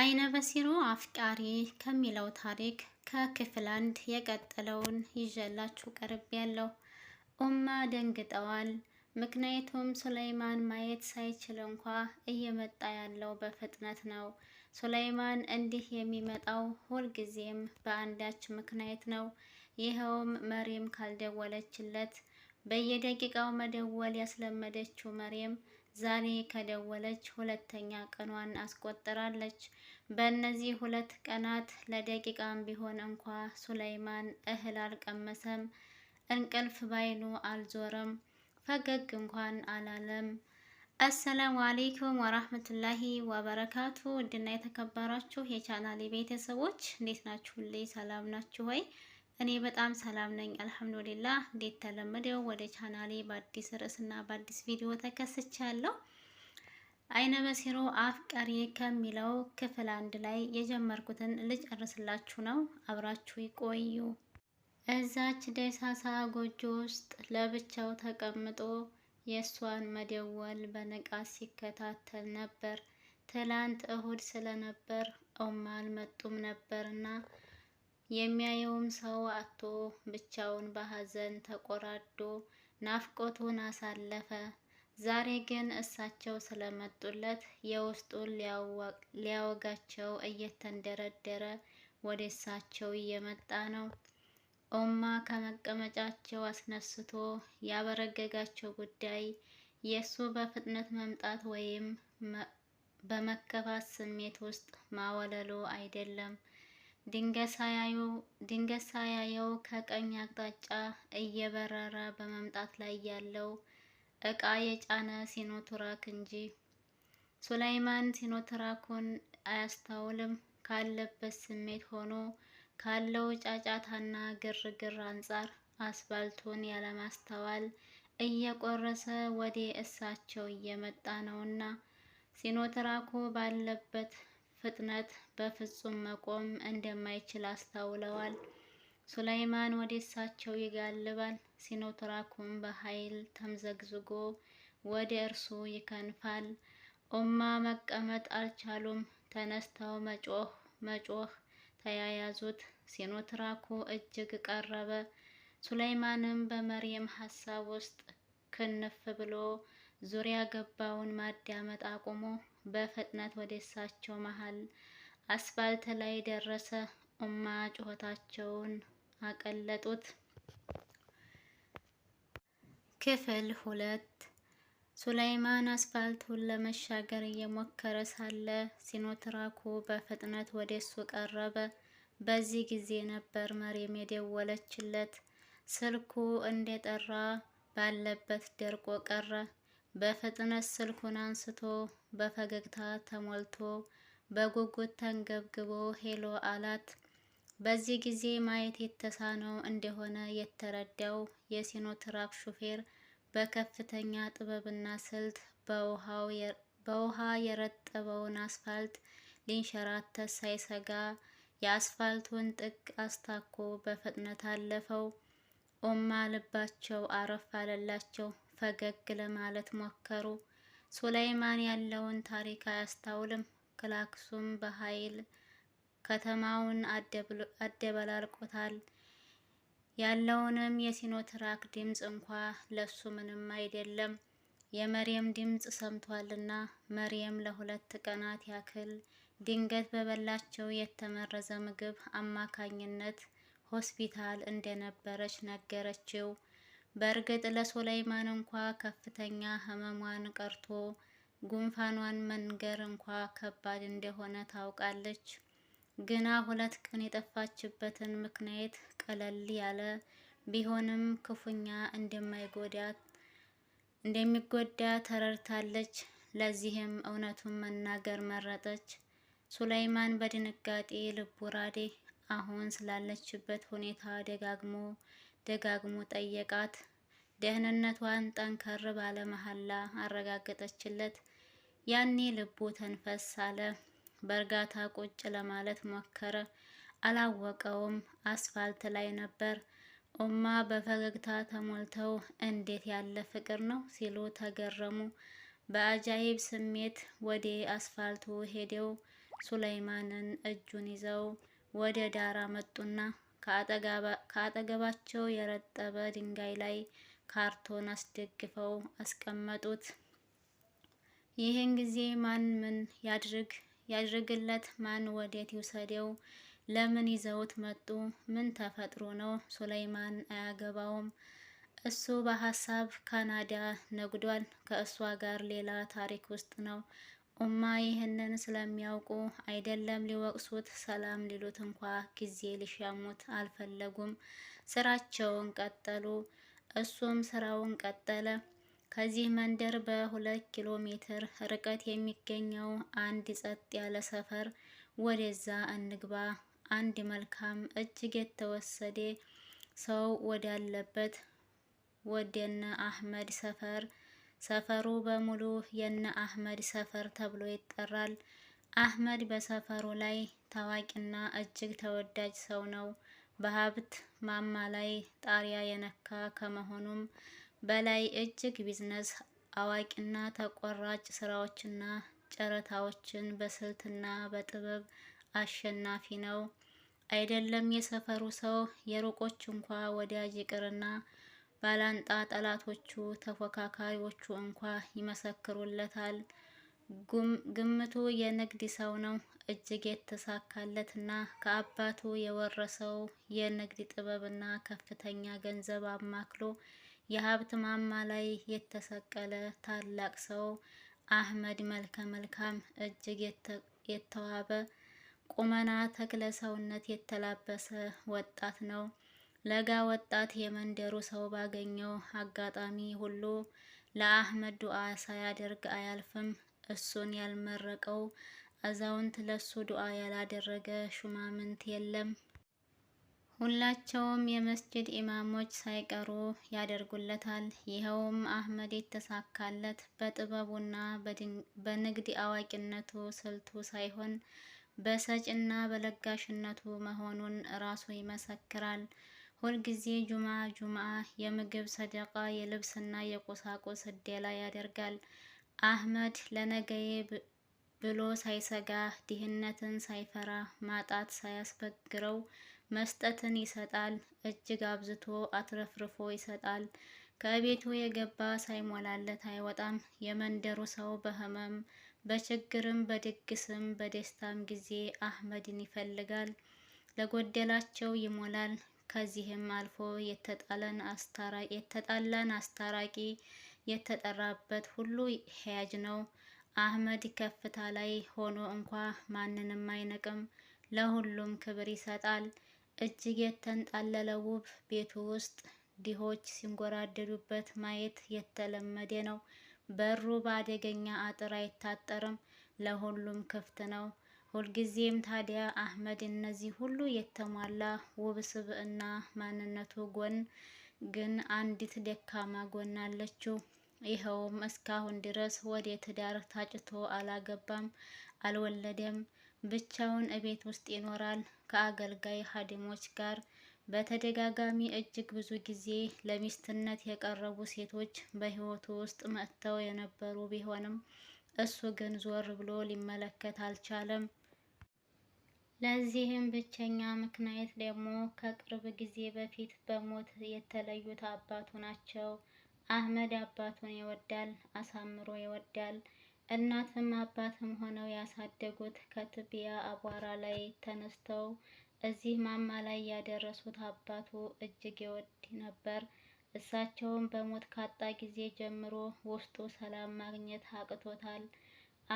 አይነ በሲሮ አፍቃሪ ከሚለው ታሪክ ከክፍል አንድ የቀጠለውን ይዤላችሁ ቀርብ ያለው ኡማ ደንግጠዋል። ምክንያቱም ሱለይማን ማየት ሳይችል እንኳ እየመጣ ያለው በፍጥነት ነው። ሱለይማን እንዲህ የሚመጣው ሁልጊዜም በአንዳች ምክንያት ነው። ይኸውም መሬም ካልደወለችለት በየደቂቃው መደወል ያስለመደችው መሬም ዛሬ ከደወለች ሁለተኛ ቀኗን አስቆጥራለች። በእነዚህ ሁለት ቀናት ለደቂቃም ቢሆን እንኳ ሱለይማን እህል አልቀመሰም፣ እንቅልፍ ባይኑ አልዞረም፣ ፈገግ እንኳን አላለም። አሰላሙ አሌይኩም ወራህመቱላሂ ወበረካቱ። ውድና የተከበራችሁ የቻናሌ ቤተሰቦች እንዴት ናችሁልኝ? ሰላም ናችሁ ወይ? እኔ በጣም ሰላም ነኝ አልሐምዱሊላህ። እንዴት ተለመደው ወደ ቻናሌ በአዲስ ርዕስና በአዲስ ቪዲዮ ተከስቻለሁ። አይነ በሲሩ አፍቃሪ ከሚለው ክፍል አንድ ላይ የጀመርኩትን ልጨርስላችሁ ነው። አብራችሁ ይቆዩ። እዛች ደሳሳ ጎጆ ውስጥ ለብቻው ተቀምጦ የእሷን መደወል በንቃት ሲከታተል ነበር። ትላንት እሁድ ስለነበር ኦማ አልመጡም ነበርና የሚያየውም ሰው አጥቶ ብቻውን በሀዘን ተቆራዶ ናፍቆቱን አሳለፈ። ዛሬ ግን እሳቸው ስለመጡለት የውስጡን ሊያወጋቸው እየተንደረደረ ወደ እሳቸው እየመጣ ነው። ኦማ ከመቀመጫቸው አስነስቶ ያበረገጋቸው ጉዳይ የእሱ በፍጥነት መምጣት ወይም በመከፋት ስሜት ውስጥ ማወለሉ አይደለም። ድንገት ሳያየው ከቀኝ አቅጣጫ እየበረረ በመምጣት ላይ ያለው እቃ የጫነ ሲኖትራክ እንጂ ሱላይማን ሲኖትራኩን አያስታውልም። ካለበት ስሜት ሆኖ ካለው ጫጫታና ግርግር አንጻር አስፋልቱን ያለማስተዋል እየቆረሰ ወደ እሳቸው እየመጣ ነውና ሲኖትራኩ ባለበት ፍጥነት በፍጹም መቆም እንደማይችል አስተውለዋል። ሱላይማን ወደ እሳቸው ይጋልባል፣ ሲኖትራኩም በኃይል ተምዘግዝጎ ወደ እርሱ ይከንፋል። ኡማ መቀመጥ አልቻሉም። ተነስተው መጮህ መጮህ ተያያዙት። ሲኖትራኩ እጅግ ቀረበ። ሱላይማንም በመርየም ሀሳብ ውስጥ ክንፍ ብሎ ዙሪያ ገባውን ማዳመጥ አቁሞ በፍጥነት ወደ እሳቸው መሀል አስፋልት ላይ ደረሰ። ኡማ ጩኸታቸውን አቀለጡት። ክፍል ሁለት ሱላይማን አስፋልቱን ለመሻገር እየሞከረ ሳለ ሲኖትራኩ በፍጥነት ወደ እሱ ቀረበ። በዚህ ጊዜ ነበር መሬም የደወለችለት። ስልኩ እንደጠራ ባለበት ደርቆ ቀረ። በፍጥነት ስልኩን አንስቶ በፈገግታ ተሞልቶ በጉጉት ተንገብግቦ ሄሎ አላት። በዚህ ጊዜ ማየት የተሳነው እንደሆነ የተረዳው የሲኖትራክ ሹፌር በከፍተኛ ጥበብና ስልት በውሃ የረጠበውን አስፋልት ሊንሸራተት ሳይሰጋ የአስፋልቱን ጥግ አስታኮ በፍጥነት አለፈው። ኦማ ልባቸው አረፍ አለላቸው። ፈገግ ለማለት ሞከሩ። ሱላይማን ያለውን ታሪክ አያስታውልም። ክላክሱም በኃይል ከተማውን አደበላልቆታል። ያለውንም የሲኖትራክ ድምፅ እንኳ ለሱ ምንም አይደለም። የመርየም ድምፅ ሰምቷልና መርየም ለሁለት ቀናት ያክል ድንገት በበላቸው የተመረዘ ምግብ አማካኝነት ሆስፒታል እንደነበረች ነገረችው። በእርግጥ ለሱለይማን እንኳ ከፍተኛ ህመሟን ቀርቶ ጉንፋኗን መንገር እንኳ ከባድ እንደሆነ ታውቃለች። ግና ሁለት ቀን የጠፋችበትን ምክንያት ቀለል ያለ ቢሆንም ክፉኛ እንደማይጎዳት እንደሚጎዳ ተረድታለች። ለዚህም እውነቱን መናገር መረጠች። ሱላይማን በድንጋጤ ልቡ ራዴ። አሁን ስላለችበት ሁኔታ ደጋግሞ ደጋግሞ ጠየቃት። ደህንነቷን ጠንከር ባለ መሐላ አረጋገጠችለት። ያኔ ልቡ ተንፈስ አለ። በእርጋታ ቁጭ ለማለት ሞከረ። አላወቀውም፣ አስፋልት ላይ ነበር። ኡማ በፈገግታ ተሞልተው እንዴት ያለ ፍቅር ነው ሲሉ ተገረሙ። በአጃይብ ስሜት ወደ አስፋልቱ ሄደው ሱለይማንን እጁን ይዘው ወደ ዳራ መጡና ከአጠገባቸው የረጠበ ድንጋይ ላይ ካርቶን አስደግፈው አስቀመጡት። ይህን ጊዜ ማን ምን ያድርግ ያድርግለት? ማን ወዴት ይውሰደው? ለምን ይዘውት መጡ? ምን ተፈጥሮ ነው? ሱለይማን አያገባውም። እሱ በሀሳብ ካናዳ ነግዷል። ከእሷ ጋር ሌላ ታሪክ ውስጥ ነው። ኡማ ይህንን ስለሚያውቁ አይደለም ሊወቅሱት፣ ሰላም ሊሉት እንኳ ጊዜ ሊሻሙት አልፈለጉም። ስራቸውን ቀጠሉ። እሱም ስራውን ቀጠለ። ከዚህ መንደር በሁለት ኪሎ ሜትር ርቀት የሚገኘው አንድ ጸጥ ያለ ሰፈር ወደዛ እንግባ፣ አንድ መልካም እጅግ የተወሰደ ሰው ወዳለበት ወደነ አህመድ ሰፈር። ሰፈሩ በሙሉ የነ አህመድ ሰፈር ተብሎ ይጠራል። አህመድ በሰፈሩ ላይ ታዋቂና እጅግ ተወዳጅ ሰው ነው። በሀብት ማማ ላይ ጣሪያ የነካ ከመሆኑም በላይ እጅግ ቢዝነስ አዋቂና ተቆራጭ ስራዎችና ጨረታዎችን በስልትና በጥበብ አሸናፊ ነው። አይደለም የሰፈሩ ሰው የሩቆች እንኳ ወዳጅ ይቅርና ባላንጣ ጠላቶቹ ተፎካካሪዎቹ እንኳ ይመሰክሩለታል። ግምቱ የንግድ ሰው ነው። እጅግ የተሳካለት እና ከአባቱ የወረሰው የንግድ ጥበብና ከፍተኛ ገንዘብ አማክሎ የሀብት ማማ ላይ የተሰቀለ ታላቅ ሰው አህመድ መልከ መልካም፣ እጅግ የተዋበ ቁመና፣ ተክለ ሰውነት የተላበሰ ወጣት ነው። ለጋ ወጣት የመንደሩ ሰው ባገኘው አጋጣሚ ሁሉ ለአህመድ ዱዓ ሳያደርግ አያልፍም። እሱን ያልመረቀው አዛውንት ለሱ ዱዓ ያላደረገ ሹማምንት የለም። ሁላቸውም የመስጅድ ኢማሞች ሳይቀሩ ያደርጉለታል። ይኸውም አህመድ የተሳካለት በጥበቡና በንግድ አዋቂነቱ ስልቱ ሳይሆን በሰጪና በለጋሽነቱ መሆኑን ራሱ ይመሰክራል። ሁልጊዜ ጁማ ጁማ የምግብ ሰደቃ፣ የልብስና የቁሳቁስ እደላ ያደርጋል። አህመድ ለነገዬ ብሎ ሳይሰጋ ድህነትን ሳይፈራ ማጣት ሳያስበግረው መስጠትን ይሰጣል። እጅግ አብዝቶ አትረፍርፎ ይሰጣል። ከቤቱ የገባ ሳይሞላለት አይወጣም። የመንደሩ ሰው በህመም በችግርም በድግስም በደስታም ጊዜ አህመድን ይፈልጋል። ለጎደላቸው ይሞላል። ከዚህም አልፎ የተጣላን አስታራቂ የተጠራበት ሁሉ ሂያጅ ነው። አህመድ ከፍታ ላይ ሆኖ እንኳ ማንንም አይነቅም፣ ለሁሉም ክብር ይሰጣል። እጅግ የተንጣለለ ውብ ቤቱ ውስጥ ድሆች ሲንጎራደዱበት ማየት የተለመደ ነው። በሩ በአደገኛ አጥር አይታጠርም፣ ለሁሉም ክፍት ነው። ሁልጊዜም ታዲያ አህመድ እነዚህ ሁሉ የተሟላ ውብ ስብዕና ማንነቱ ጎን ግን አንዲት ደካማ ጎን አለችው። ይኸውም እስካሁን ድረስ ወደ ትዳር ታጭቶ አላገባም፣ አልወለደም፣ ብቻውን እቤት ውስጥ ይኖራል። ከአገልጋይ ሀዲሞች ጋር በተደጋጋሚ እጅግ ብዙ ጊዜ ለሚስትነት የቀረቡ ሴቶች በህይወቱ ውስጥ መጥተው የነበሩ ቢሆንም እሱ ግን ዞር ብሎ ሊመለከት አልቻለም። ለዚህም ብቸኛ ምክንያት ደግሞ ከቅርብ ጊዜ በፊት በሞት የተለዩት አባቱ ናቸው። አህመድ አባቱን ይወዳል፣ አሳምሮ ይወዳል። እናትም አባትም ሆነው ያሳደጉት ከትቢያ አቧራ ላይ ተነስተው እዚህ ማማ ላይ ያደረሱት አባቱ እጅግ ይወድ ነበር። እሳቸውም በሞት ካጣ ጊዜ ጀምሮ ውስጡ ሰላም ማግኘት አቅቶታል።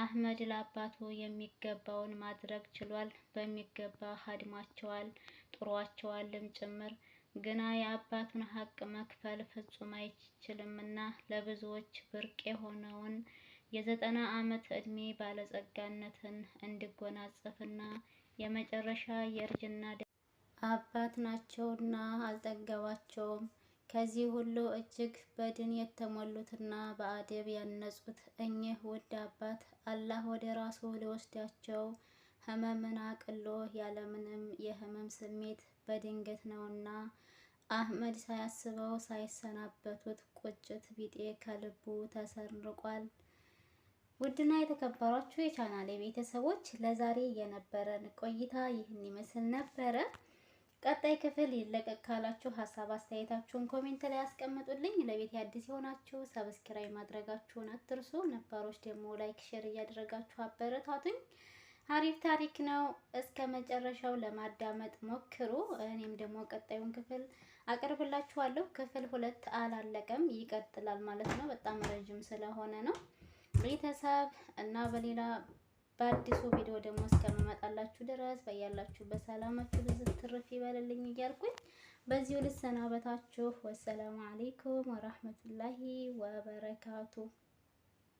አህመድ ለአባቱ የሚገባውን ማድረግ ችሏል። በሚገባ ሀድማቸዋል ጥሯቸዋልም ጭምር ግና የአባቱን ሀቅ መክፈል ፍጹም አይችልምና ለብዙዎች ብርቅ የሆነውን የዘጠና ዓመት ዕድሜ ባለጸጋነትን እንዲጎናጸፍና የመጨረሻ የእርጅና አባት ናቸውና አልጠገባቸውም። ከዚህ ሁሉ እጅግ በድን የተሞሉትና በአደብ ያነጹት እኚህ ውድ አባት አላህ ወደ ራሱ ሊወስዳቸው ህመምን አቅሎ ያለምንም የህመም ስሜት በድንገት ነውና አህመድ ሳያስበው ሳይሰናበቱት ቁጭት ቢጤ ከልቡ ተሰርቋል። ውድና የተከበሯችሁ የቻናል ቤተሰቦች ለዛሬ የነበረን ቆይታ ይህን ይመስል ነበረ። ቀጣይ ክፍል ይለቀቅ ካላችሁ ሀሳብ አስተያየታችሁን ኮሜንት ላይ ያስቀምጡልኝ። ለቤት አዲስ የሆናችሁ ሰብስክራይብ ማድረጋችሁን አትርሱ። ነባሮች ደግሞ ላይክ፣ ሼር እያደረጋችሁ አበረታቱኝ። አሪፍ ታሪክ ነው። እስከ መጨረሻው ለማዳመጥ ሞክሩ። እኔም ደግሞ ቀጣዩን ክፍል አቀርብላችኋለሁ። ክፍል ሁለት አላለቀም፣ ይቀጥላል ማለት ነው። በጣም ረጅም ስለሆነ ነው ቤተሰብ እና በሌላ በአዲሱ ቪዲዮ ደግሞ እስከምመጣላችሁ ድረስ በያላችሁ በሰላማችሁ ብዙ ትርፍ ይበልልኝ እያልኩኝ በዚሁ ልሰናበታችሁ። ወሰላሙ አሌይኩም ወራህመቱላሂ ወበረካቱ